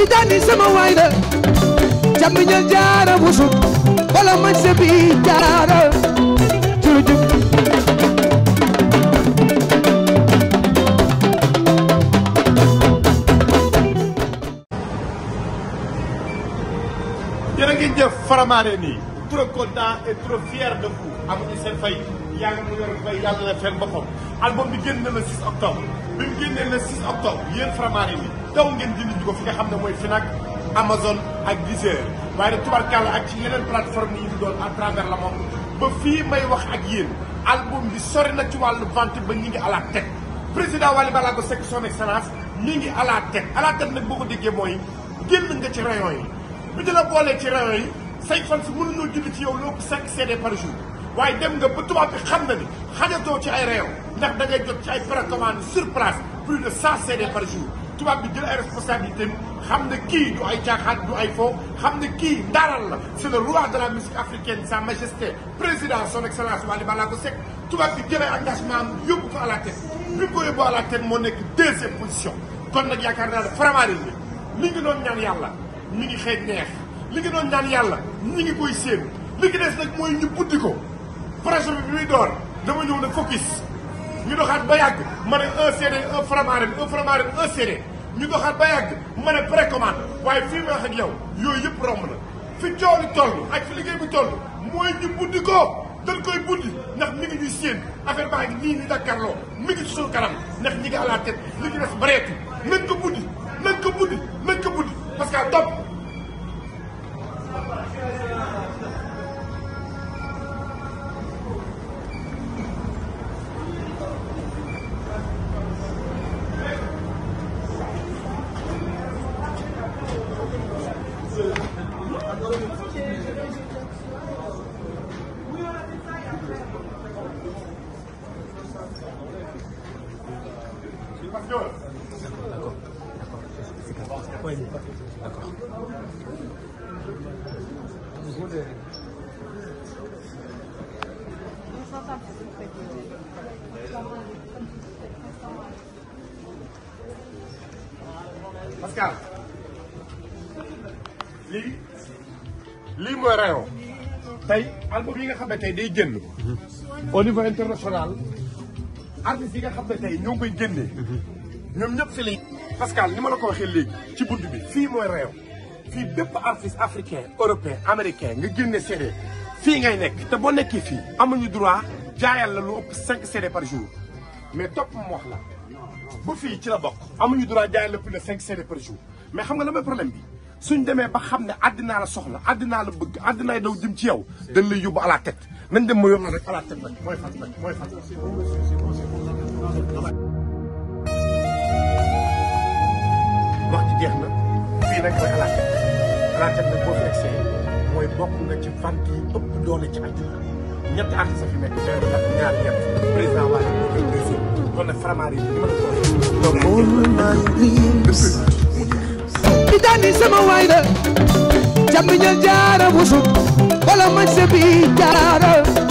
tijaani sama waay la jamiñal jaara busu wala man sebi jaara jurujub jërë ngeen jëf faramaare nii trop content et trop fier de vous amuñu seen fay yàlla mu yor fay yàlla la fenn boppam album bi génn na le 6 octobre bi mu génnee le 6 octobre yéen faramaare nii daw ngeen jënd ji ko fi nga xam ne mooy Fnac Amazon ak Deezer waaye nag tubarkàlla ak ci yeneen plateforme yi ñu doon à travers le monde ba fii may wax ak yéen album bi sori na ci wàllu vente ba ñi ngi à la tête président Wally Ballago Seck son excellence ñi ngi à la tête à la boo ko déggee mooy génn nga ci rayon yi bi di la boolee ci rayon yi say fan si mënuñoo julli ci yow loo ko cinq CD par jour waaye dem nga ba tubaab bi xam na ni xajatoo ci ay rayon ndax da ngay jot ci ay précommande sur place plus de cent CD par jour tubaab bi jël ay responsabilité xam ne kii du ay caaxaan xam ne kii ndaaral la c' est le roi de la musique africaine sa majesté président son excellence Wally Ballago Seck tubaab bi jël ay engagement am yóbbu ko à la tête bi yóbbu à moo nekk deuxième position kon nag yaakaar naa ne Faramareen bi li ngi doon ñaan yàlla mi ngi xëy neex li ngi doon ñaan yàlla ñi ngi koy séen li ki des nag mooy ñu buddi ko projet bi bi muy door dama ñëw na focus ñu doxaat ba yàgg ma ne un CD un ñu doxaat ba yàgg ma ne précommande waaye fii ma wax ak yooyu yëpp romb na fi coow li toll ak fi liggéey bi toll mooy ñu buddi ko dañ koy buddi ndax mi ngi ñuy séen affaire baa ngi nii ñu dakkarloo mi ngi ci kanam ndax ñi ngi à la tête li ci des bareetu nañ ko buddi nañ ko buddi nañ parce que Ouais, D'accord. Pascal lii lii mooy rayon tey album yi nga xam ne tey day génn mhm. au international artistes yi nga xam ne tey ñoo ngi ñoom ñëpp fi lañ. Pascal ni ma la ko waxee léegi ci bunt bi fii mooy réew fii bépp artiste africain européen américain nga génne CD fii ngay nekk te boo nekkee fii amuñu droit jaayal la lu ëpp 5 CD par jour mais topp mu wax la bu fii ci la bokk amuñu droit jaayal la plus de 5 CD par jour mais xam nga la mooy problème bi suñ demee ba xam ne àddinaa la soxla àddinaa la bëgg àddinaay daw jim ci yow dañ lay yóbbu à tet tête nañ dem ma yóbbu rek à la tête nag jeex na fii nag mooy alaakat alaakat nag boo fi yi bi ma sama waay la jàmm ñal jaara busub wala man sa jaara